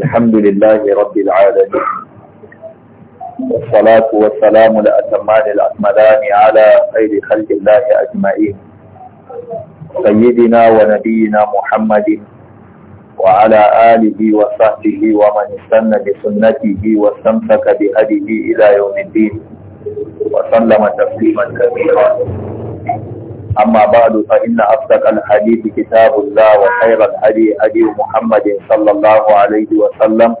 الحمد لله رب العالمين والصلاة والسلام الأتمان الأكملان على خير خلق الله أجمعين سيدنا ونبينا محمد وعلى آله وصحبه ومن استنى بسنته واستمسك بهديه إلى يوم الدين وسلم تسليما كثيرا أما بعد فإن أصدق الحديث كتاب الله وخير الهدي هدي محمد صلى الله عليه وسلم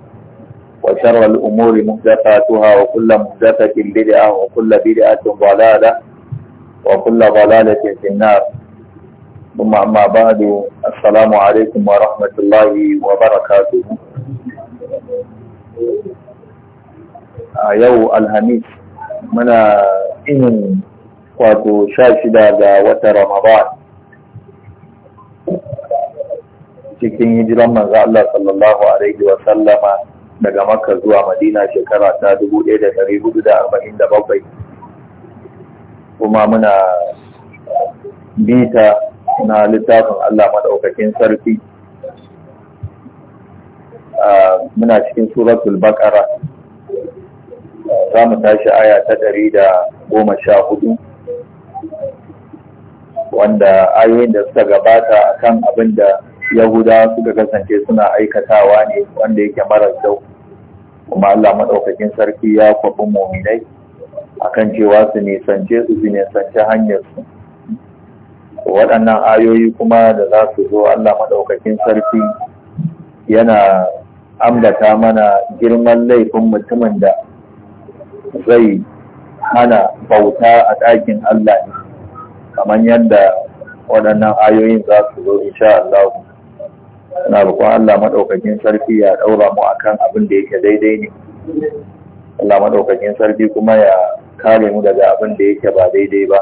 وشر الأمور محدثاتها وكل محدثة بدعة وكل بدعة ضلالة وكل ضلالة في النار ثم أما بعد السلام عليكم ورحمة الله وبركاته يو الهميس من إن wato sha shida ga wata Ramadan cikin hijiran manzo Allah sallallahu alaihi wa sallama daga Makka zuwa Madina shekara ta 1447 kuma muna bita na littafin Allah maɗaukakin sarki muna cikin suratul baqara za mu tashi aya ta ɗari da goma sha hudu? wanda ayoyin da suka gabata akan abin da yahuda suka kasance suna aikatawa ne wanda yake marar kyau kuma Allah maɗaukakin sarki ya kwafi mominai kan cewa su nisance su su nisance hanyar su waɗannan ayoyi kuma da za su zo Allah maɗaukakin sarki yana ambata mana girman laifin mutumin da zai hana bauta a ɗakin Allah ne kamar yadda waɗannan ayoyin za su zo insha Allah na roƙon Allah madaukakin sarki ya daura mu akan abin da yake daidai ne Allah madaukakin sarki kuma ya kare mu daga abin da yake ba daidai ba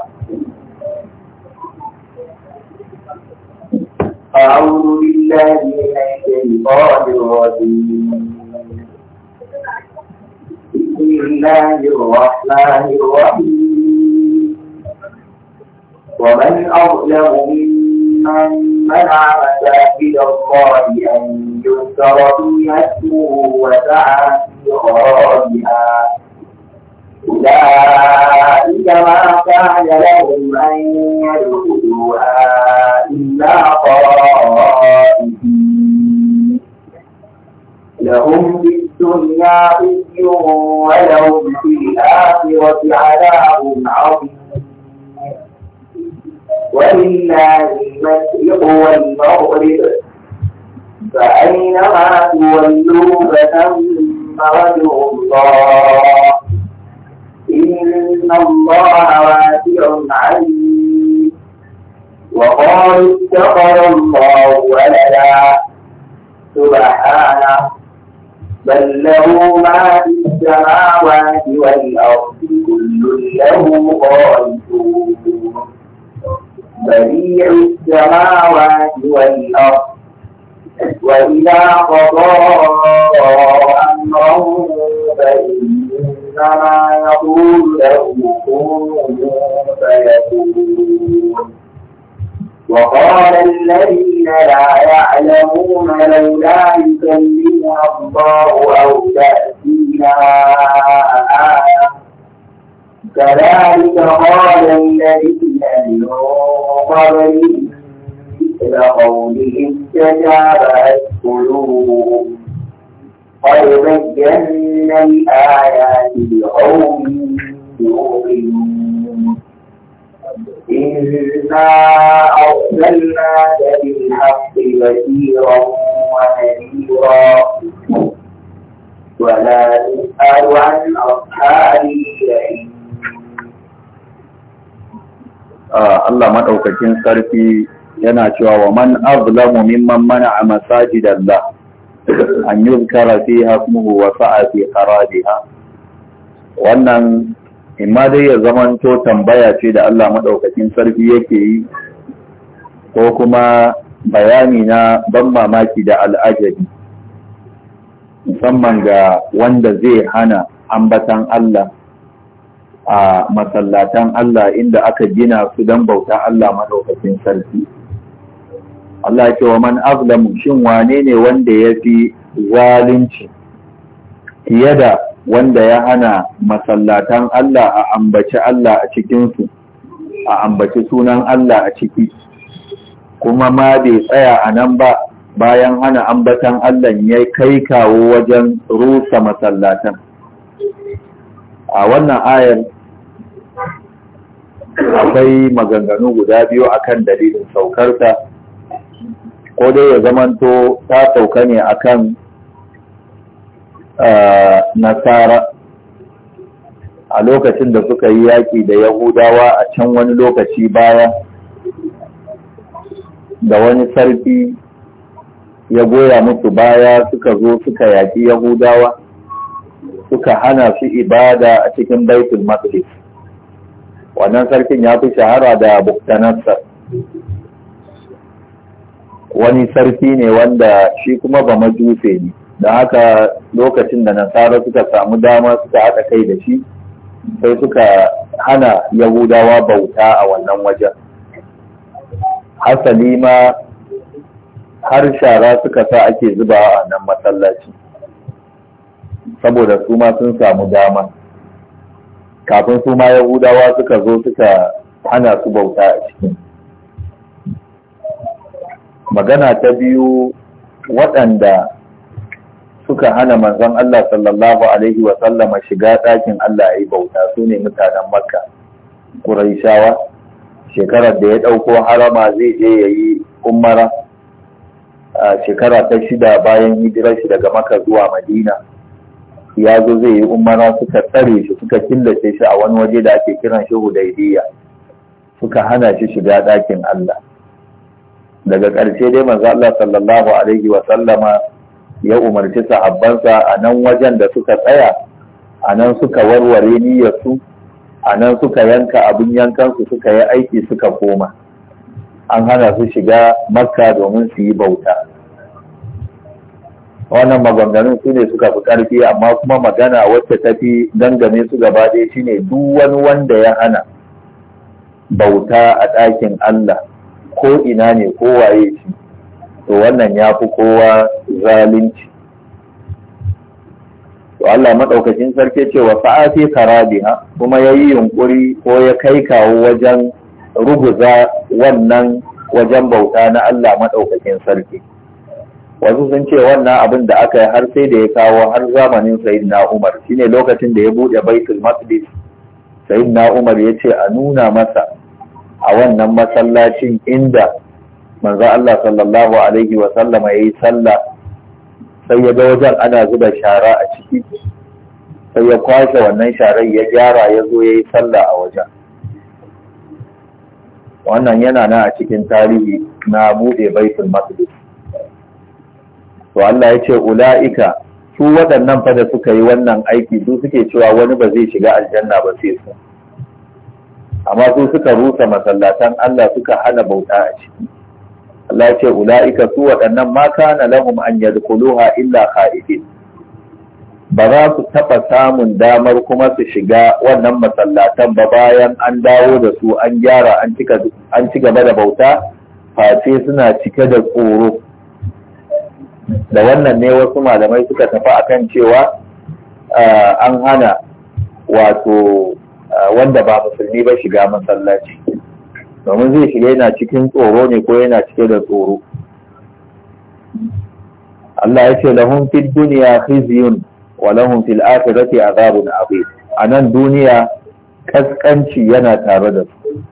بسم الله الرحمن الرحيم ومن أظلم ممن منع مساجد الله أن يذكر فيها اسمه وسعى في خرابها أولئك ما كان لهم أن يدخلوها إلا خائفين لهم في الدنيا خزي ولهم في الآخرة عذاب عظيم ولله المشرق والمغرب فأينما تولوا فثم وجه الله إن الله واسع عليم وقالوا اتخذ الله ولدا سبحانه بل له ما في السماوات والأرض كل له قانتون بديع السماوات والأرض وإذا قضى أمره فإنما يقول له كن فيكون وقال الذين لا يعلمون لولا يكلمنا الله أو تأتينا آية كذلك قال الذين من قبلهم مثل قولهم تجابت قلوبهم قد بينا الآيات لقوم يؤمنون إنا أرسلناك بالحق بشيرا ونذيرا ولا تسأل عن أصحابه Ah, Allah maɗaukakin sarfi yana cewa wa man azlamu mimman mana a masaji da an yi zukara fi hasmuhu wa sa'a fi ha. wannan imma dai ya to tambaya ce da Allah maɗaukakin sarki yake yi ko kuma bayani na ban mamaki da al'ajabi musamman ga wanda zai hana ambatan Allah a masallatan Allah inda aka gina su don bauta Allah maɗaukacin sarki Allah ce wa man azlamu shin wane ne wanda ya fi zalunci fiye da wanda ya hana masallatan Allah a ambaci Allah a cikinsu a ambaci sunan Allah a ciki kuma ma bai tsaya a nan ba bayan hana ambatan Allah ya kai kawo wajen rusa masallatan a wannan ayar akwai maganganu guda biyu akan dalilin saukarta ko dai ya zamanto ta sauka ne akan ah, nasara a lokacin da suka yi yaƙi da yahudawa a can wani lokaci baya da wani sarki ya goya musu baya suka zo suka yaƙi yahudawa suka hana su ibada a cikin baitul maqdis wannan sarkin ya fi shahara da buktanansa wani sarki ne wanda shi kuma ba majuse ne da haka lokacin da nasara suka samu dama suka haɗa kai da shi sai suka hana yahudawa bauta a wannan wajen hasali ma har shara suka sa ake zuba a nan masallaci saboda su ma sun samu dama kafin su ma yahudawa suka zo suka hana su bauta a cikin magana ta biyu waɗanda suka hana manzon Allah sallallahu alaihi wa shiga ɗakin Allah ya yi bauta su ne mutanen makka ƙuraishawa shekarar da ya ɗauko harama zai je ya yi umara a shekara ta shida bayan hijirar shi daga maka zuwa madina ya zo zai yi umara suka tsare shi suka killace shi a wani waje da ake kiran shi hudaidiyya suka hana shi shiga ɗakin Allah daga ƙarshe dai manzo Allah sallallahu alaihi wa sallama ya umarci sahabbansa a nan wajen da suka tsaya a nan suka warware niyyarsu a nan suka yanka abin yankansu suka yi aiki suka koma an hana su shiga makka domin su yi bauta wannan maganganun su ne suka fi ƙarfi amma kuma magana wacce ta fi dangane su gaba ɗaya shine duk wani wanda ya hana bauta a ɗakin Allah ko ina ne ko waye shi to wannan ya fi kowa zalunci to Allah maɗaukacin sarki ce wa sa'afi karabiha kuma ya yi yunƙuri ko ya kai kawo wajen ruguza wannan wajen bauta na Allah maɗaukakin sarki. wasu sun ce wannan abin da aka yi har sai da ya kawo har zamanin na Umar shine lokacin da ya buɗe Baitul Maqdis na Umar ya ce a nuna masa a wannan masallacin inda manzo Allah sallallahu alaihi wa sallama yayi sallah sai ya ga wajen ana zuba shara a ciki sai ya kwashe wannan sharar ya gyara ya zo yayi sallah a wajen wannan yana na a cikin tarihi na buɗe Baitul Maqdis to Allah ya ce ula'ika su waɗannan fa da suka yi wannan aiki su suke cewa wani ba zai shiga aljanna ba sai su amma su suka rusa masallatan Allah suka hana bauta a ciki Allah ya ce ula'ika su waɗannan ma kana lahum an yadkhuluha illa khaifin ba za su taɓa samun damar kuma su shiga wannan masallatan ba bayan an dawo da su an gyara an ci gaba da bauta face suna cike da tsoro da wannan ne wasu malamai suka tafi akan cewa an hana wato wanda ba musulmi ba shiga masallaci domin zai shiga yana cikin tsoro ne ko yana cike da tsoro Allah ya ce lahum fid dunya khizyun wa lahum fil akhirati azabun azim anan duniya kaskanci yana tare da su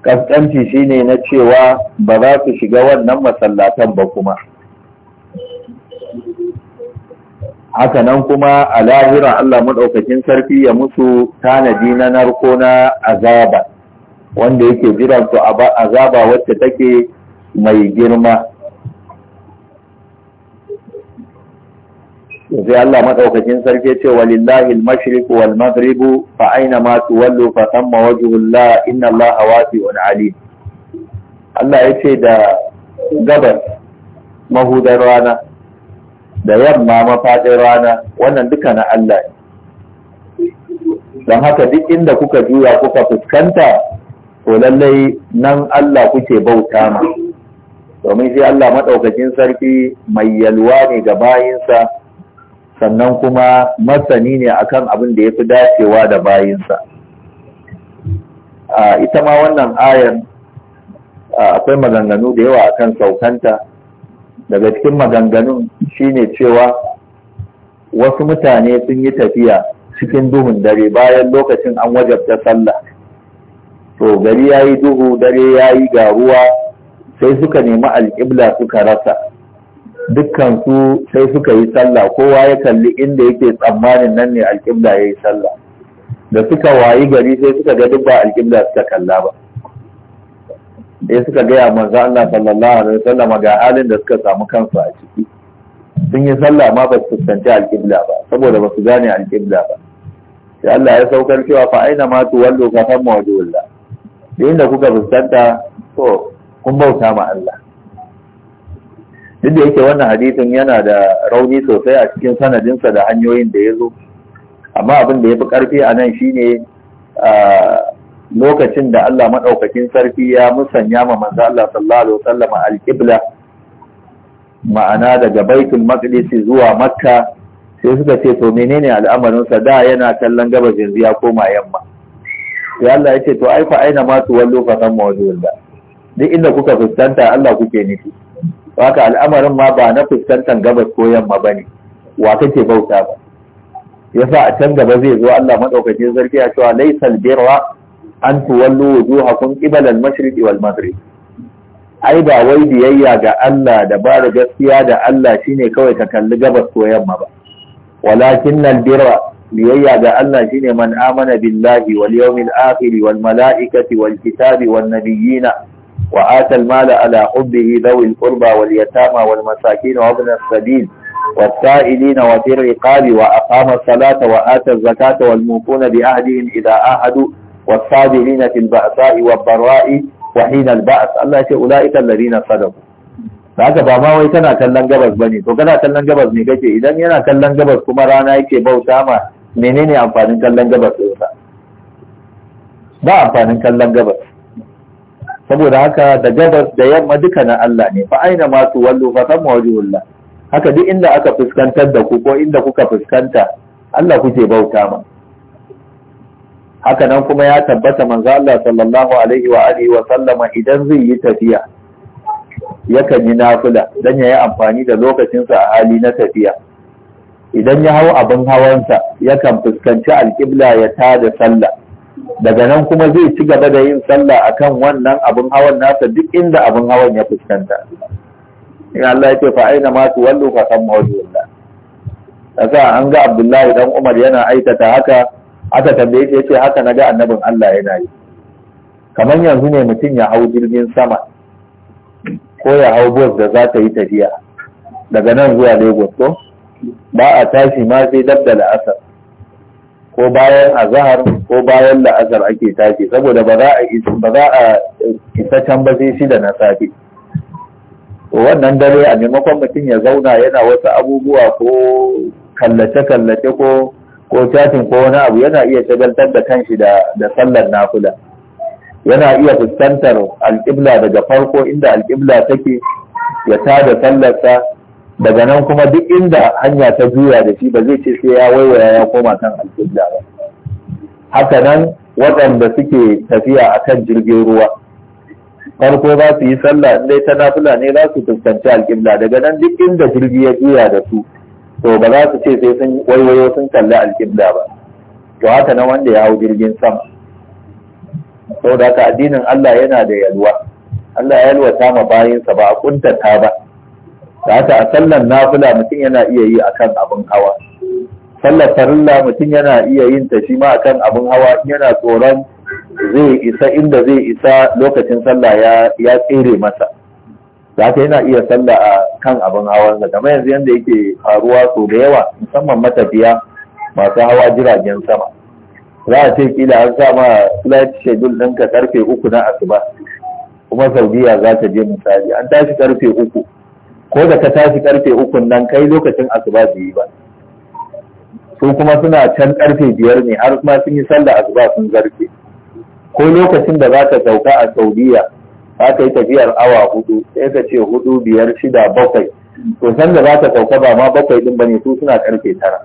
kaskanci shine na cewa ba za su shiga wannan masallatan ba kuma haka nan kuma a lahira Allah maɗaukakin sarki ya mutu tanadi na narko na azaba wanda yake jiran su azaba wacce take mai girma sai Allah maɗaukakin sarki ce walillahi al-mashriq wal maghrib fa aina ma tuwallu fa thamma wajhullah inna Allah wasi'un alim Allah yace da gabas mahudar rana da yamma mafaɗin rana wannan duka na Allah ne don haka duk inda kuka juya kuka fuskanta to lallai nan Allah kuke bauta ma domin shi Allah maɗaukakin sarki mai yalwa ne ga bayinsa sannan kuma masani ne akan abin da ya fi dacewa da bayinsa ita ma wannan ayan akwai maganganu da yawa akan saukanta daga cikin maganganun shine cewa wasu mutane sun yi tafiya cikin duhun dare bayan lokacin an wajabta sallah to gari ya yi duhu dare ya yi ga ruwa sai suka nemi alƙibla suka rasa dukkansu sai suka yi sallah kowa ya kalli inda yake tsammanin nan ne alƙibla ya yi sallah da suka wayi gari sai suka ga duk ba alƙibla suka kalla ba da suka gaya manzo Allah sallallahu alaihi wasallam ga halin da suka samu kansu a ciki sun yi sallah ma ba su fuskanci alƙibla ba saboda ba su gane alƙibla ba sai Allah ya saukar cewa fa aina ma tuwallu ka famma wajhullah da inda kuka fuskanta to kun bauta ma Allah duk da yake wannan hadisin yana da rauni sosai a cikin sanadinsa da hanyoyin da ya zo amma abin da ya fi ƙarfi a nan shine lokacin da Allah maɗaukakin sarki ya musanya ma manzo Allah sallallahu alaihi wasallam al-qibla ma'ana daga baitul maqdis zuwa makka sai suka ce to menene al'amarin sa da yana kallon gabas yanzu ya koma yamma sai Allah ya ce to ai fa aina ma tuwallu fa samma wajhullah duk inda kuka fuskanta Allah kuke nufi haka al'amarin ma ba na fuskantar gabas ko yamma bane wa kake bauta ba yasa a can gaba zai zo Allah madaukakin sarki ya cewa laisal birra an fi wujuhakum qibala al-mashriqi wal maghrib ai ba wai biyayya ga Allah da ba da gaskiya da Allah shine kawai ka kalli gabas ko yamma ba walakin al-birra biyayya ga Allah shine man amana billahi wal yawmil akhir wal malaikati wal kitabi wan nabiyina wa ata al-mala ala hubbihi dhawil qurba wal yatama wal masakin wa ibn as-sabil والسائلين وفي الرقاب وأقام الصلاة وآتى الزكاة والموفون بأهدهم إذا أهدوا والصابرين في البأساء والضراء وحين البأس Allah ce ulaika alladhina sadaqu haka ba ma wai tana kallon gabas bane to kana kallon gabas ne kake idan yana kallon gabas kuma rana yake bauta ma menene amfanin kallon gabas din sa ba amfanin kallon gabas saboda haka da gabas da yamma duka na Allah ne fa aina ma tuwallu fa thamma wajhullah haka duk inda aka fuskantar da ku ko inda kuka fuskanta Allah kuke bauta ma haka nan kuma ya tabbata manzo Allah sallallahu alaihi wa alihi wa sallama idan zai yi tafiya yakan yi nafila dan yayi amfani da lokacinsa a hali na tafiya idan ya hau abin hawansa yakan fuskanci alƙibla ya da sallah daga nan kuma zai ci gaba da yin sallah akan wannan abin hawan nasa duk inda abin hawan ya fuskanta in Allah ya ce fa aina ma tuwallu fa samma wajhullah kasa an ga Abdullahi dan Umar yana aikata haka aka tambaye shi yace haka naga annabin Allah yana yi kamar yanzu ne mutum ya hau jirgin sama ko ya hau bus da za ta yi tafiya daga nan zuwa Lagos ko ba a tashi ma sai dab da la'asar ko bayan azahar ko bayan la'asar ake tashi saboda ba za a isa can ba sai shida na safe wannan dare a maimakon mutum ya zauna yana wasu abubuwa ko kallace-kallace ko ko chatin ko wani abu yana iya shagaltar da kanshi da da sallar nafila yana iya fuskantar alƙibla daga farko inda alƙibla take ya da sallarsa daga nan kuma duk inda hanya ta juya da shi ba zai ce sai ya waiwaya ya koma kan alƙibla ba haka nan waɗanda suke tafiya a kan jirgin ruwa farko za su yi sallah in dai ta nafila ne za su fuskanci alƙibla daga nan duk inda jirgi ya juya da su to ba za su ce sai sun waiwayo sun kalli alƙibla ba to haka na wanda ya hau jirgin sama saboda ka addinin Allah yana da yalwa Allah ya yalwata ma bayinsa ba a kuntata ba da haka a sallan nafila mutum yana iya yi akan abin hawa sallar farilla mutum yana iya yin ta shi ma akan abin hawa yana tsoron zai isa inda zai isa lokacin sallah ya tsere masa za ka yana iya salla a kan abin hawansa kamar yanzu yadda yake faruwa sau da yawa musamman matafiya masu hawa jiragen sama za a ce kila an sa ma flight schedule ɗinka karfe uku na asuba kuma saudiya za ta je misali an tashi karfe uku ko da ka tashi karfe uku nan kai lokacin asuba su yi ba su kuma suna can karfe biyar ne har ma sun yi sallah asuba sun zarfe ko lokacin da za ka sauka a saudiya za ka yi tafiyar awa hudu sai ka ce hudu biyar shida bakwai to da za ka sauka ba ma bakwai din bane su suna karfe tara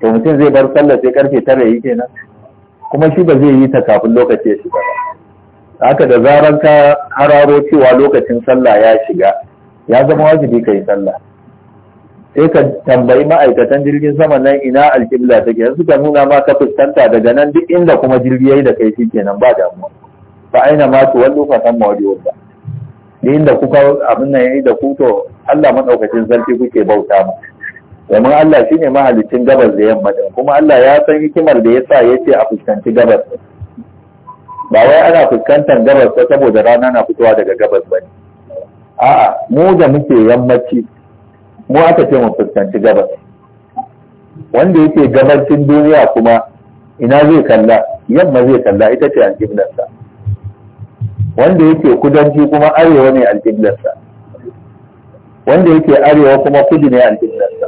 to mutum zai bar sallar sai karfe tara yi kenan kuma shi ba zai yi ta kafin lokaci ya shiga ba haka da zarar ka hararo cewa lokacin sallah ya shiga ya zama wajibi ka yi sallah sai ka tambayi ma'aikatan jirgin sama nan ina alƙibla take yanzu ka nuna ma ka fuskanta daga nan duk inda kuma jirgi yi da kai kenan ba damuwa fa aina ma tu wallu fa samma wajhullah din da kuka abin nan yayi da ku to Allah madaukakin sarki kuke bauta ma domin Allah shine mahalicin gabas da yamma din kuma Allah ya san hikimar da yasa yace a fuskanci gabas ba wai ana fuskantar gabas ba saboda rana na fitowa daga gabas ba ne a'a mu da muke yammaci mu aka ce mu fuskanci gabas wanda yake gabacin duniya kuma ina zai kalla yamma zai kalla ita ce alƙiblarsa wanda yake kudanci kuma arewa ne alƙiblarsa wanda yake arewa kuma kudu ne alƙiblarsa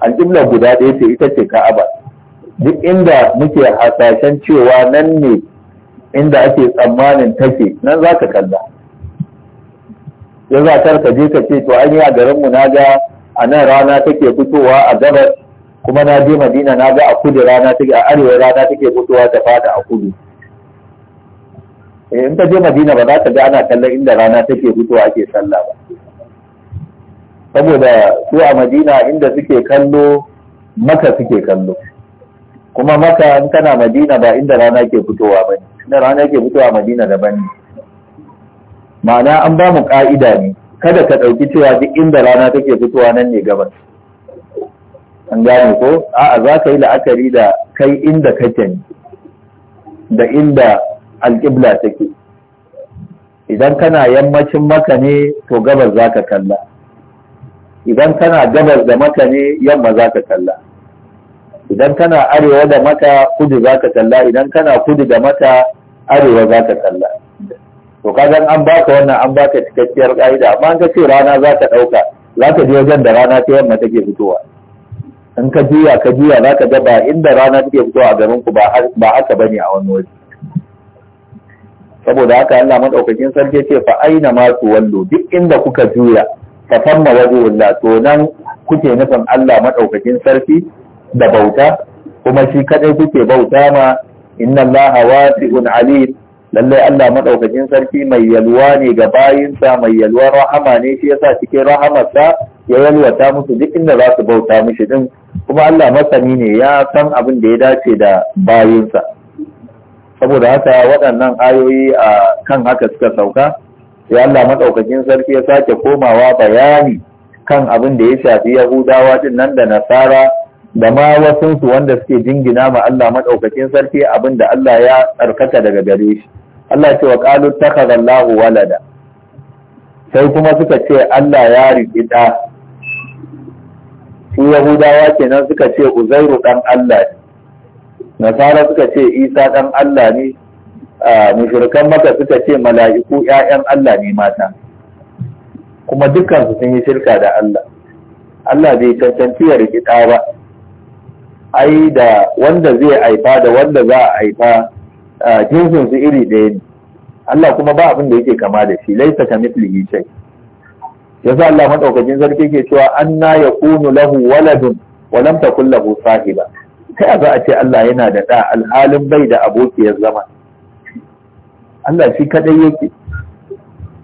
alƙiblar guda ɗaya ce ita ce ka'aba duk inda muke hasashen cewa nan ne inda ake tsammanin take nan za ka kalla ya za ka je ka ce to an yi a garinmu na ga a nan rana take fitowa a gabas kuma na je madina na ga a kudu rana take a arewa rana take fitowa ta fada a kudu Eh, in ka je madina ba za ka ga ana kallon inda rana take fitowa ake sallah ba saboda su a madina inda suke kallo maka suke kallo kuma maka in kana madina ba inda rana ke fitowa ba ne inda rana ke fitowa madina daban ne ma'ana an ba mu ka'ida ne kada ka ɗauki cewa duk inda rana take fitowa nan ne gabas an gane ko a'a za ka yi la'akari da kai inda kake ne da inda alƙibla take idan kana yammacin maka ne to gabas za ka kalla idan kana gabas da maka ne yamma za ka kalla idan kana arewa da maka kudu za ka kalla idan kana kudu da maka arewa za ka kalla to kajan an baka wannan an baka cikakkiyar ƙa'ida amma an ka ce rana za ka ɗauka za ka je wajen da rana ta yamma take fitowa in ka juya ka juya za ka ga ba inda rana take fitowa a garinku ba haka bane a wani waje saboda haka Allah madaukakin sarki ce fa aina ma wallo duk inda kuka juya fa famma wajhullah to nan kuke nufin Allah madaukakin sarki da bauta kuma shi kadai kuke bauta ma inna Allah wasi'un alim lalle Allah madaukakin sarki mai yalwa ne ga bayinsa mai yalwa rahama ne shi yasa cikin rahamarsa ya yalwata musu duk inda za su bauta mishi din kuma Allah masani ne ya san abin da ya dace da bayinsa saboda haka waɗannan ayoyi a kan haka suka sauka ya Allah maɗaukakin sarki ya sake komawa bayani kan abin da ya shafi yahudawa din nan da nasara da ma wasunsu wanda suke jingina ma Allah maɗaukakin sarki abin da Allah ya tsarkata daga gare shi Allah ce wa qalu takhadallahu walada sai kuma suka ce Allah ya riƙi ɗa su yahudawa kenan suka ce uzairu ɗan Allah ne nasara suka ce isa ɗan Allah ne mushrikan maka suka ce mala'iku ‘ya'yan Allah ne mata kuma dukansu sun yi shirka da Allah Allah bai cancanci ya ba ai da wanda zai aifa da wanda za a jinsin su iri ɗaya ne Allah kuma ba abin da yake kama da shi laisa ka mithlihi shay yasa Allah madaukakin sarki ke cewa anna yakunu lahu waladun wa lam takul lahu sahiba ta za a ce Allah yana da ɗa alhalin bai da abokiyar zama Allah shi kadai yake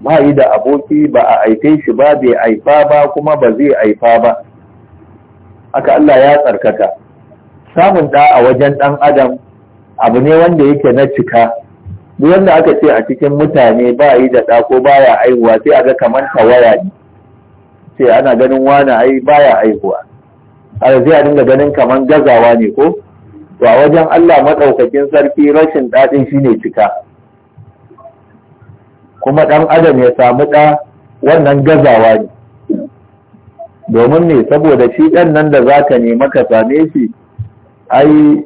ba yi da aboki ba a aike shi ba bai aifa ba kuma ba zai aifa ba aka Allah ya tsarkaka samun ɗa a wajen ɗan adam abu ne wanda yake na cika duk wanda aka ce a cikin mutane ba yi da ɗa ko baya aihuwa sai a ga kamar tawaya ne sai ana ganin wani ai baya aihuwa a zai a dinga ganin kamar gazawa ne ko to a wajen Allah maɗaukakin sarki rashin daɗin shine cika kuma ɗan adam ya samu ɗa wannan gazawa ne domin ne saboda shi ɗan nan da zaka nema ka same shi ai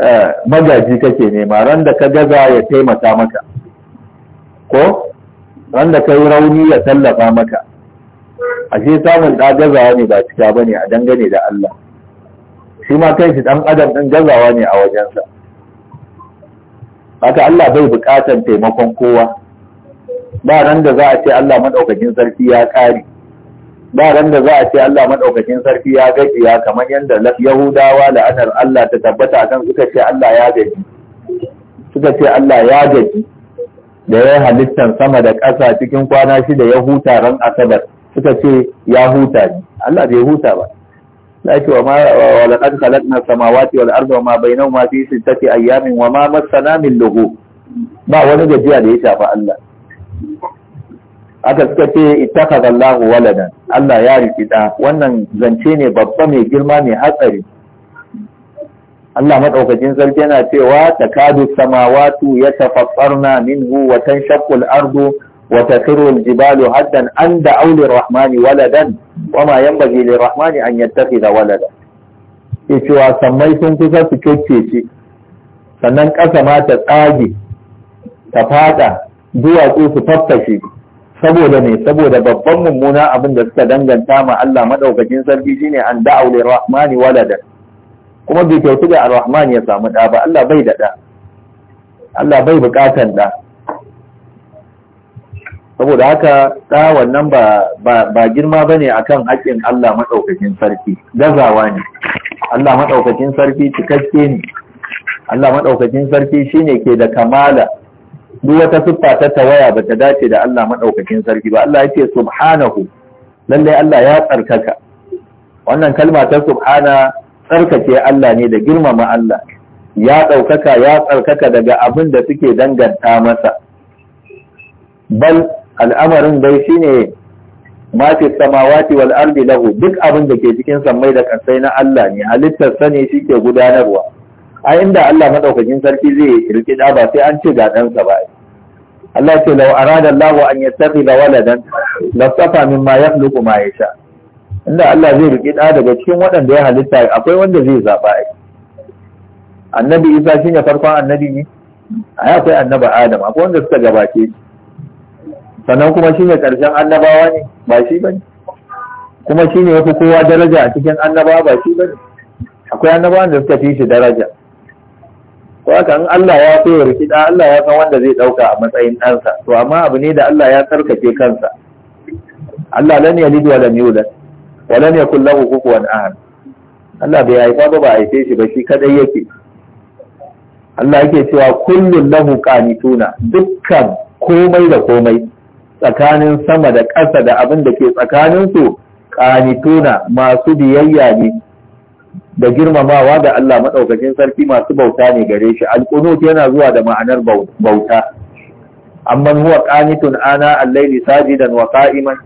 eh, magaji kake nema ran da ka gaza ya taimaka maka ko ran da ka rauni ya tallafa maka ashe samun ɗa gazawa ne ba cika ba ne a dangane da Allah shi ma kai shi ɗan adam ɗin gazawa ne a wajensa haka Allah bai buƙatar taimakon kowa ba ran da za a ce Allah maɗaukakin sarki ya ƙari ba ran da za a ce Allah maɗaukakin sarki ya ya kamar yadda Yahudawa la'anar Allah ta tabbata kan suka ce Allah ya gaji suka ce Allah ya gaji da ya halittar sama da ƙasa cikin kwana shida ya huta ran asabar suka ce ya huta ne Allah bai huta ba la wa ma wa laqad khalaqna samawati wal arda ma bainahuma fi sittati ayyamin wa ma massana min lugu. ba wani gajiya da ya shafa Allah aka suka ce ittakhadha Allahu waladan Allah ya riki da wannan zance ne babba mai girma mai hatsari Allah madaukakin sarki yana cewa takadu samawatu yatafassarna minhu wa tanshaqqu al-ardu وتخر الجبال هدا أن دعوا للرحمن ولدا وما ينبغي للرحمن أن يتخذ ولدا cewa sammai sun kusa su kyakkece sannan ƙasa ma ta tsage ta fada duwatsu su faffashe saboda ne saboda babban mummuna abin da suka danganta ma Allah madaukakin sarki shine an da'u lir rahmani walada kuma bai kyautu da ar-rahman ya samu da ba Allah bai da da Allah bai bukatan da saboda haka ɗa nan ba girma ba ne akan haƙƙin Allah maɗaukakin sarki gazawa ne Allah maɗaukakin sarki cikakke ne Allah maɗaukakin sarki shi ne ke da kamala duk wata siffa ta tawaya ba ta dace da Allah maɗaukakin sarki ba Allah yake subhanahu lallai Allah ya tsarkaka wannan kalma ta subhana tsarkake Allah ne da girmama Allah ya ɗaukaka ya tsarkaka daga abin da suke danganta masa bal al'amarin dai shine ma fi samawati wal ardi lahu duk abin da ke cikin sammai da kasai na Allah ne halittar sani shi ke gudanarwa a inda Allah madaukakin sarki zai kirki da ba sai an ce ga sa ba Allah ce law arada Allah an yattakhidha waladan lastafa mimma yakhluqu ma yasha inda Allah zai riki da daga cikin waɗanda ya halitta akwai wanda zai zaba ai annabi Isa shine farkon annabi ne ai akwai annabi Adam akwai wanda suka gabace shi sannan kuma shi ne ƙarshen annabawa ne ba shi ba ne kuma shi ne wasu kowa daraja a cikin annabawa ba shi ba ne akwai annabawan da suka fi shi daraja ko haka in Allah ya so ya rikida Allah ya san wanda zai ɗauka a matsayin ɗansa to amma abu ne da Allah ya sarkake kansa Allah lan yalid wa lam yulad wa lam yakul lahu kufuwan ahad Allah bai haifa ba ba haife shi ba shi kadai yake Allah yake cewa kullun lahu qanituna dukkan komai da komai tsakanin sama da ƙasa da abin da ke tsakaninsu ƙanituna masu biyayya ne da girmamawa ga Allah maɗaukakin sarki masu bauta ne gare shi alƙunut yana zuwa da ma'anar bauta amma huwa qanitun ana al-layli sajidan wa qa'iman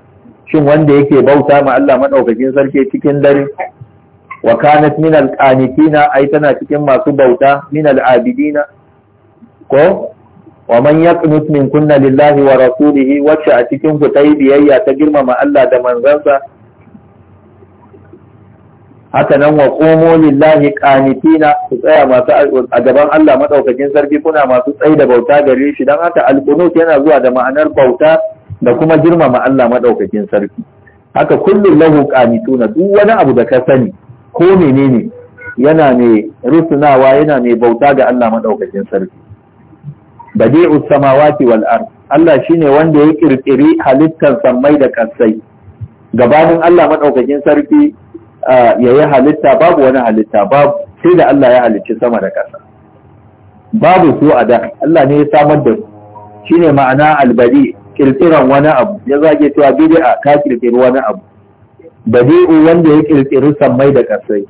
shin wanda yake bauta ma Allah maɗaukakin sarki cikin dare wa kanat min al ai tana cikin masu bauta min al-abidina ko wa man yaqnut min kunna lillahi wa rasulihi wacce a cikin ku tayi biyayya ta girmama Allah da manzansa haka nan wa qumu lillahi qanitina ku tsaya masu a gaban Allah madaukakin sarki kuna masu tsayi da bauta gare shi dan haka al-qunut yana zuwa da ma'anar bauta da kuma girmama Allah madaukakin sarki haka kullum lahu qanituna duk wani abu da ka sani ko menene yana mai rusunawa yana mai bauta ga Allah madaukakin sarki badi'us samawati wal ard Allah shine wanda ya kirkiri halittar sammai da kansai gabanin Allah madaukakin sarki ya yi halitta babu wani halitta babu sai da Allah ya halicci sama da ƙasa babu su a da Allah ne ya samar da su shine ma'ana albari kirkiran wani abu ya zage cewa bid'a ka kirkiri wani abu badi'u wanda ya kirkiri sammai da kasai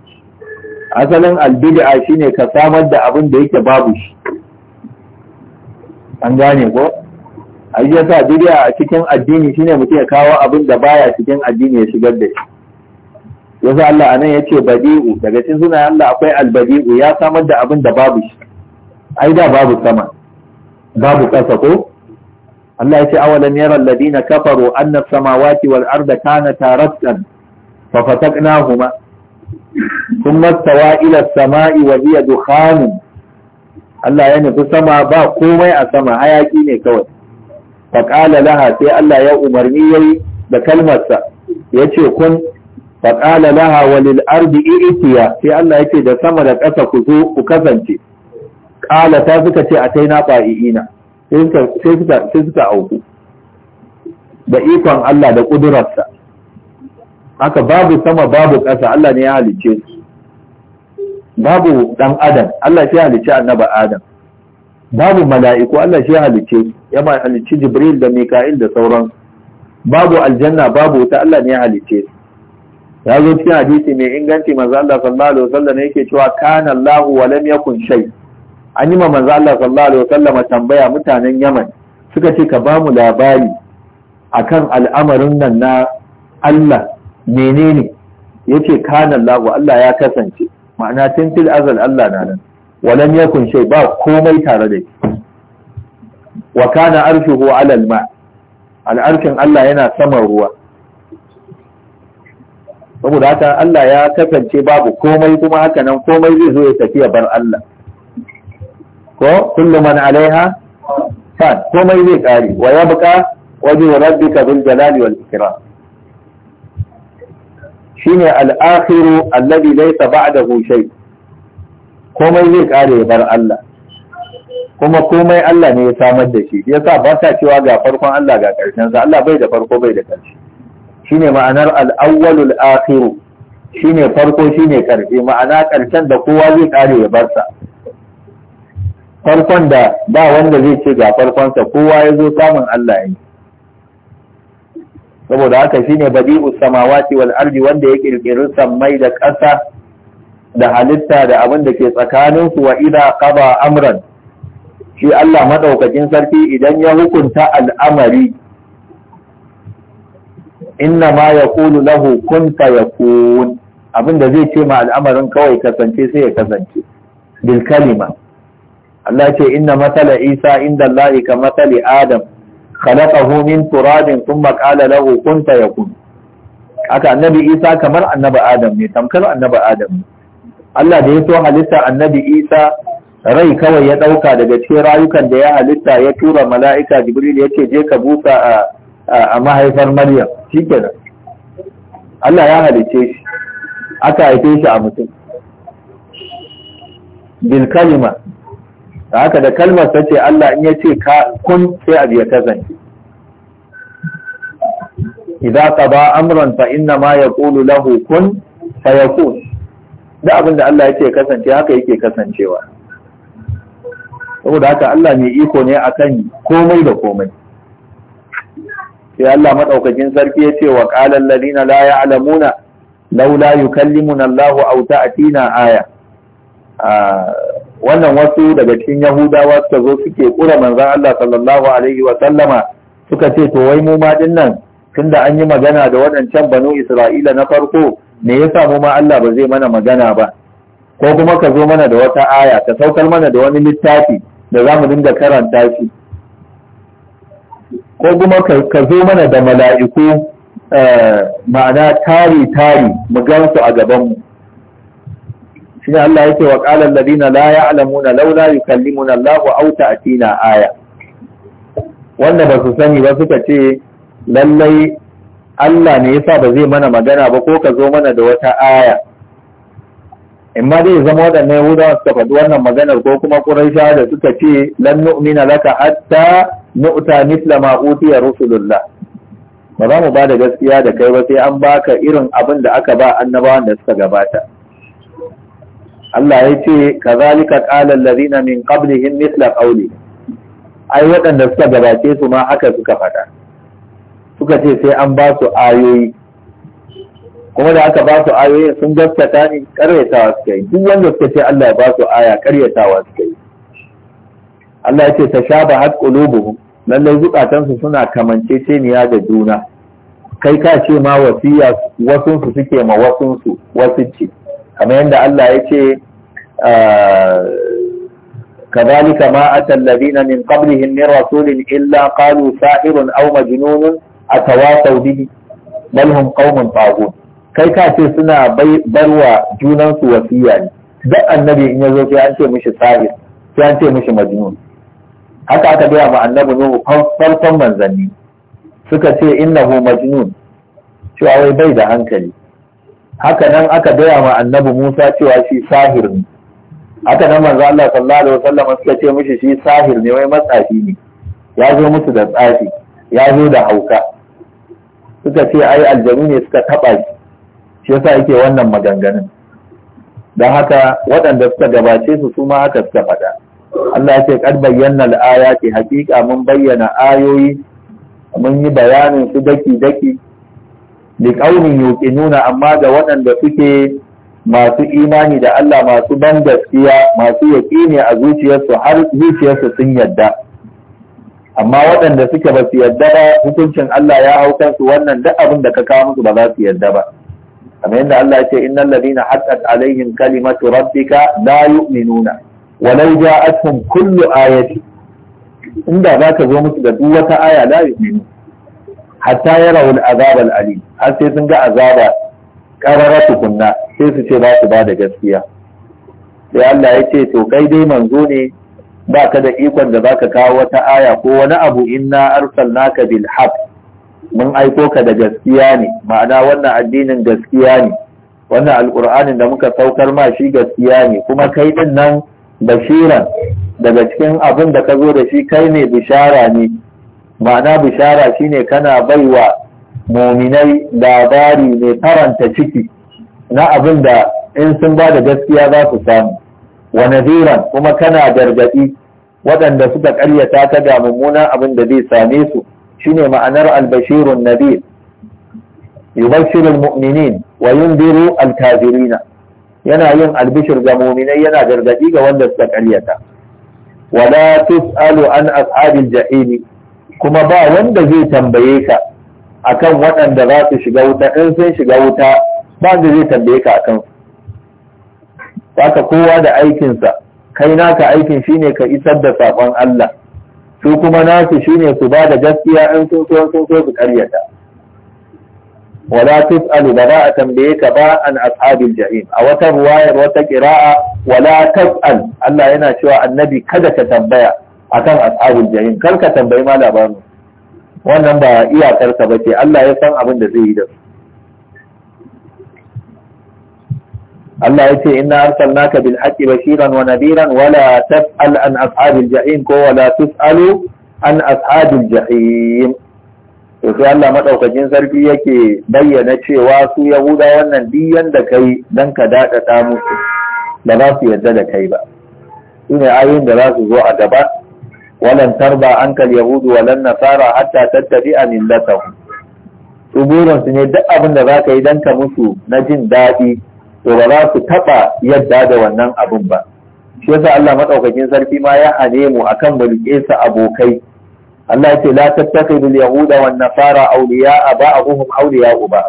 asalin albid'a shine ka samar da abin da yake babu shi an gane ko a yi yasa a cikin addini shine mutum ya kawo abin da baya cikin addini ya shigar da shi yasa Allah anan ya ce badi'u daga cikin sunan Allah akwai albadi'u ya samar da abin da babu shi ai da babu sama babu ƙasa ko Allah ya ce awalam yara alladina kafaru anna samawati wal arda kanata rattan fa fataknahuma thumma stawa ila as-sama'i wa hiya dukhanun Allah ya nufi sama ba komai a sama hayaki ne kawai faƙala laha sai Allah ya umarni yayi da kalmarsa ya ce kun faƙala laha walil ardi itiya sai Allah yake da sama da ƙasa ku zo ku kasance ƙala ta suka ce a taina fa'i'ina sai suka auku da ikon Allah da ƙudurarsa haka babu sama babu ƙasa Allah ne ya halicce su babu dan adam Allah shi halicci annaba adam babu mala'iku Allah shi halicce ya ma halicci jibril da mika'il da sauran babu aljanna babu wuta Allah ne ya halicce ya zo cikin hadisi mai inganci manzo Allah sallallahu alaihi wasallam yake cewa kana Allah wa lam yakun shay an yi ma manzo Allah sallallahu alaihi wasallam tambaya mutanen Yaman suka ce ka bamu labari akan al'amarin nan na Allah menene yace kana Allah Allah ya kasance ma'ana tun fil azal Allah na nan walam yakun shay ba komai tare da shi wa kana arshuhu ala al-ma al'arshin Allah yana saman ruwa saboda haka Allah ya kasance babu komai kuma haka nan komai zai zo ya tafi ya bar Allah ko kullu man alaiha fa komai zai kare wa yabqa wajhu rabbika dhul jalali wal ikram shine al-akhiru alladhi laysa ba'dahu shay komai zai kare bar Allah kuma komai Allah ne ya samar da shi yasa ba ta cewa ga farkon Allah ga ƙarshen sa Allah bai da farko bai da ƙarshe shine ma'anar al-awwalul akhiru shine farko shine ƙarshe ma'ana ƙarshen da kowa zai kare ya bar sa farkon da ba wanda zai ce ga farkon sa kowa ya zo samun Allah ne saboda haka shine badi'us samawati wal ardi wanda ya kirkiri sammai da ƙasa da halitta da abin da ke tsakanin su wa idza qada amran shi Allah madaukakin sarki idan ya hukunta al'amari inna ma yaqulu lahu kun fayakun abin da zai ce ma al'amarin kawai kasance sai ya kasance bil kalima Allah ce inna matala Isa inda Allah ka matali Adam khalaqahu min turabin thumma qala lahu kun fayakun aka annabi Isa kamar annabi Adam ne tamkar annabi Adam Allah da ya so halitta annabi Isa rai kawai ya ɗauka daga cikin rayukan da ya halitta ya tura mala'ika Jibril ya ce je ka busa a mahaifar Maryam shikenan Allah ya halice shi aka haife shi a mutum bil kalima da haka da kalmar ta ce Allah in ya ce ka kun sai abu ya kasance ka ba amran fa inna ma ƙulu lahu kun fayakun da abin da Allah ce kasance haka yake kasancewa saboda haka Allah mai iko ne akan komai da komai sai Allah maɗaukakin sarki ya ce wa ƙalan ladina la alamuna laula yukallimuna Allahu auta a aya ah, wannan wasu daga cikin yahudawa suka zo suke kura manzan Allah sallallahu alaihi wa sallama suka ce to wai mu ma din nan tunda an yi magana da waɗancan banu Isra'ila na farko me yasa mu ma Allah ba zai mana magana ba ko kuma ka zo mana da wata aya ka saukar mana da wani littafi da za mu dinga karanta shi ko kuma ka zo mana da mala'iku eh, ma'ana tari tari mu gansu a gabanmu shine Allah yake wa qala ladina la ya'lamuna laula yukallimuna Allah aw ta'tina aya wanda ba su sani ba suka ce lallai Allah ne yasa ba zai mana magana ba ko ka zo mana da wata aya in ma dai zama waɗannan yahudawa suka faɗi wannan maganar ko kuma quraisha da suka ce lan nu'mina laka hatta nu'ta mithla ma utiya rusulullah ba za mu ba da gaskiya da kai ba sai an baka irin abin da aka ba annabawan da suka gabata Allah ya ce kazalika qala na min qablihim mithla qawli ai waɗanda suka gabace su ma haka suka faɗa suka ce sai an ba su ayoyi kuma da aka ba su ayoyin sun gaskata ne karyatawa suka yi duk wanda suka ce Allah ya ba su aya karyatawa suka yi Allah ya ce ta sha hat ƙulubu. lallai zukatansu suna kamanceceniya da juna kai ka ce ma wasiya wasunsu suke ma wasunsu wasu ce kamar yadda Allah ya ce كذلك ما أتى الذين من قبلهم من رسول إلا قالوا ساحر أو مجنون أتواصوا به بل هم قوم طاغون kai ka ce suna barwa junansu wasiya ne duk annabi in ya zo sai an ce mishi sahir sai an ce mishi majnun haka aka gaya ma annabi nuhu farkon manzanni suka ce innahu majnun cewa wai bai da hankali haka nan aka gaya ma annabi musa cewa shi sahir ne haka nan manzo Allah sallallahu alaihi wasallam suka ce mishi shi sahir ne wai matsafi ne ya zo musu da tsafi ya zo da hauka suka ce ai aljanu ne suka taba shi shi yasa yake wannan maganganun dan haka waɗanda suka gabace su su ma haka suka faɗa Allah ya ce kad bayyana al-ayati haqiqa mun bayyana ayoyi mun yi bayanin su daki daki li qaumin yuqinuna amma ga waɗanda suke masu imani da Allah masu ban gaskiya masu yaƙini a zuciyarsu har zuciyarsu sun yadda amma waɗanda suke ba su yadda ba hukuncin Allah ya hau kansu wannan duk abin da ka kawo musu ba za su yadda ba kamar yadda Allah ya ce innal ladina haqqat alaihim kalimatu rabbika la yu'minuna walau ja'atuhum kullu ayati inda za ka zo musu da duk wata aya la yu'minu hatta yarawul azab alim har sai sun ga azaba qarara tukunna sai su ce ba su ba da gaskiya sai Allah ya ce to kai dai manzo ne ba ka da ikon da zaka kawo wata aya ko wani abu inna arsalnaka bil haq mun aiko ka da gaskiya ne ma'ana wannan addinin gaskiya ne wannan alqur'anin da muka saukar ma shi gaskiya ne kuma kai din nan bashiran daga cikin abin da ka zo da shi kai ne bishara ne ma'ana bishara shine kana baiwa muminai labari mai faranta ciki na abin da in sun ba da gaskiya za su samu wa nadhiran kuma kana gargadi waɗanda suka ƙaryata ta ga mummunan abin da zai same su shine ma'anar albashirun nadir yubashiru almu'minin wa yundiru alkafirina yana yin albishir ga mu'minai yana gargadi ga wanda suka ƙaryata wala tusalu an ashabil jahim kuma ba wanda zai tambaye ka akan waɗanda za su shiga wuta in sun shiga wuta ba da zai tambaye ka akan su ka kowa da aikinsa kai naka aikin shine ka isar da sakon Allah su kuma nasu shine su ba da gaskiya in sun so sun so su karyata wala tusalu ba za a tambaye ka ba an ashabil jahim a wata ruwayar wata qira'a wala tasal Allah yana cewa annabi kada ka tambaya akan ashabul jahim kar ka tambayi ma wannan ba iyakar ka bace Allah ya san abin da zai yi da su Allah ya ce inna arsalnaka bil haqqi bashiran wa nadiran wala tas'al an ashabil jahim ko wala tus'alu an ashabil jahim to sai Allah madaukakin sarki yake bayyana cewa su yahuda wannan diyan da kai dan ka dada ta musu ba za su yarda da kai ba shine ayoyin da za su zo a gaba walan tarba ankal yahudu walan nasara hatta tattabi'a millatahum su burinsu ne duk abin da zaka yi dan ka musu na jin daɗi to ba za su taɓa yadda da wannan abun ba shi yasa Allah maɗaukakin sarki ma ya hane mu akan mu rike abokai Allah ya ce la tattakhidul yahuda wan nasara awliya ba'dhum awliya ba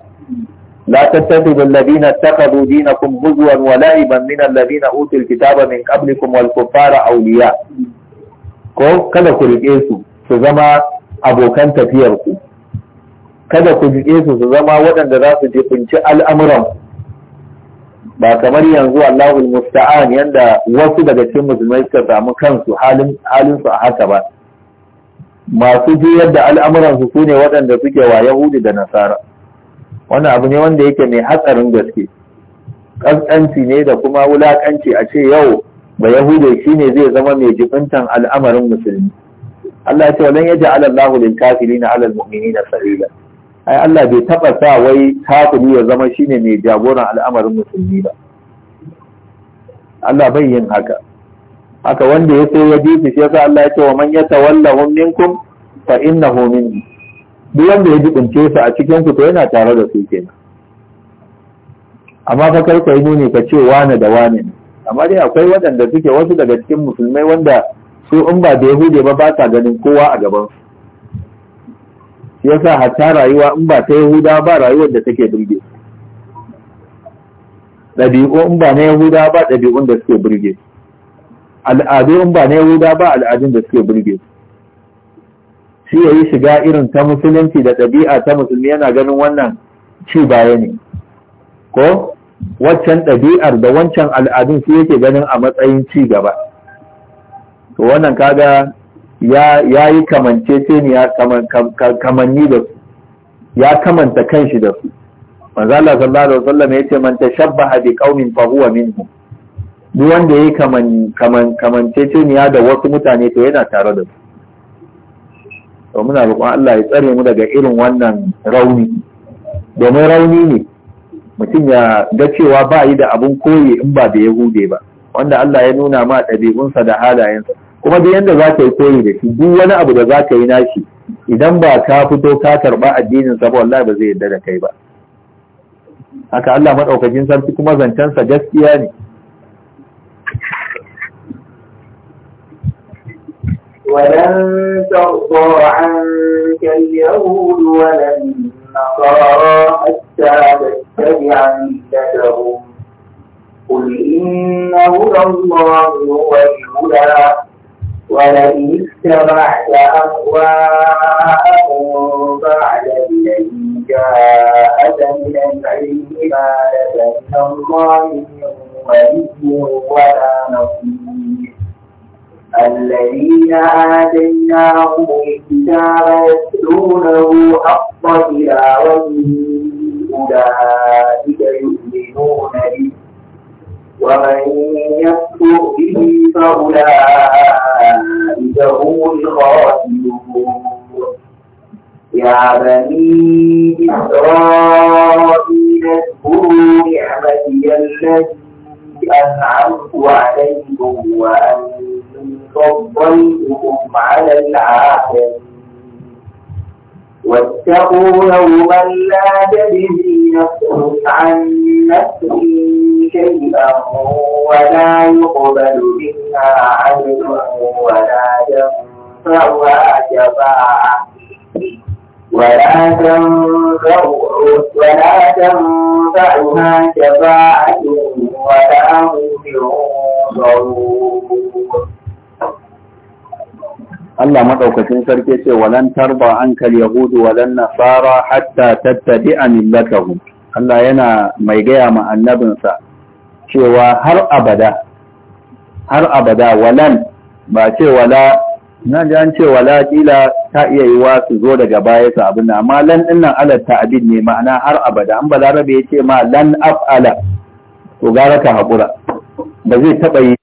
لا تتخذوا الذين اتخذوا دينكم هزوا ولعبا من الذين kitaba min من قبلكم والكفار اولياء ko kada ku rike su su zama abokan tafiyar ku kada ku rike su su zama waɗanda za su jifinci al'amuran ba kamar yanzu allahu musta'an yanda wasu daga cikin musulmai suka samu kansu halin su a haka ba masu juyar da al'amuran su sune waɗanda suke wa Yahudi da Nasara Wani abu ne wanda yake mai hatsarin gaske kaskanci ne da kuma wulakanci a ce yau ba Yahudi shine zai zama mai jibintan al'amarin musulmi Allah ya ce walan yaj'al Allahu lil kafirina 'ala al-mu'minina sabila ai Allah bai taɓa sa wai kafiri ya zama shine mai jagoran al'amarin musulmi ba Allah bai yin haka haka wanda ya sai ya bi shi yasa Allah ya ce wa man hum minkum fa innahu minni duk wanda ya dubince su a cikin ku to yana tare da su kenan amma fa kai kai nuni ka ce wane da wane amma dai akwai waɗanda suke wasu daga cikin musulmai wanda su in ba da yahude ba ba sa ganin kowa a gabansu. yasa hata rayuwa in ba ta yahuda ba rayuwar da take burge ɗabi'u in ba na yahuda ba ɗabi'un da suke burge al'adu in ba na yahuda ba al'adun da suke burge shi ya yi shiga irin ta musulunci da ɗabi'a ta musulmi yana ganin wannan ci baya ne ko waccan ɗabi'ar da wancan al'adun su yake ganin a matsayin ci gaba to wannan kaga ya yi kamanceceniya kamanni da su ya kamanta kanshi da su manzala sallallahu alaihi wasallam ya ce man tashabbaha bi qaumin fa huwa minhum duk wanda yayi kaman kaman kamanceceniya da wasu mutane to yana tare da su to muna roƙon Allah ya tsare mu daga irin wannan rauni domin rauni ne mutum ya ga cewa ba yi da abun koyi in ba da yahude ba wanda Allah ya nuna ma ɗabi'unsa da halayensa kuma duk yadda za ka yi koyi da shi duk wani abu da za ka yi nashi idan ba ka fito ka karɓa addinin sa ba wallahi ba zai yarda da kai ba haka Allah madaukakin sarki kuma zancensa gaskiya ne ولن ترضى عنك اليهود ولا النصارى حتى تتبع ملتهم قل إن هدى الله هو الهدى ولئن اجتمعت أهواءهم بعد الذي جاءك من العلم ما لك من الله من ولي ولا نصير الذين آتيناهم الكتاب يتلونه حق تلاوته أولئك يؤمنون به ومن يكفر به فأولئك هم الخاسرون يا بني إسرائيل اذكروا نعمتي التي أنعمت عليكم وأني فضلتكم على العالمين واتقوا يوما لا تجزي نفس عن نفس شيئا ولا يقبل منها عدل ولا تنفعها شفاعة ولا تنفع ولا تنفعها شفاعة ولا هم ينصرون Allah maɗaukacin sarki ce walan tarba ankal yahudu walan nasara hatta tattabi'a millatahum Allah yana mai gaya ma annabinsa cewa har abada har abada walan ba ce wala na ji an ce wala kila ta iya yi wa su zo daga baya su abin amma lan din nan ala abin ne ma'ana har abada an balarabe ya ce ma lan af'ala to gara ka haƙura. ba zai taɓa yi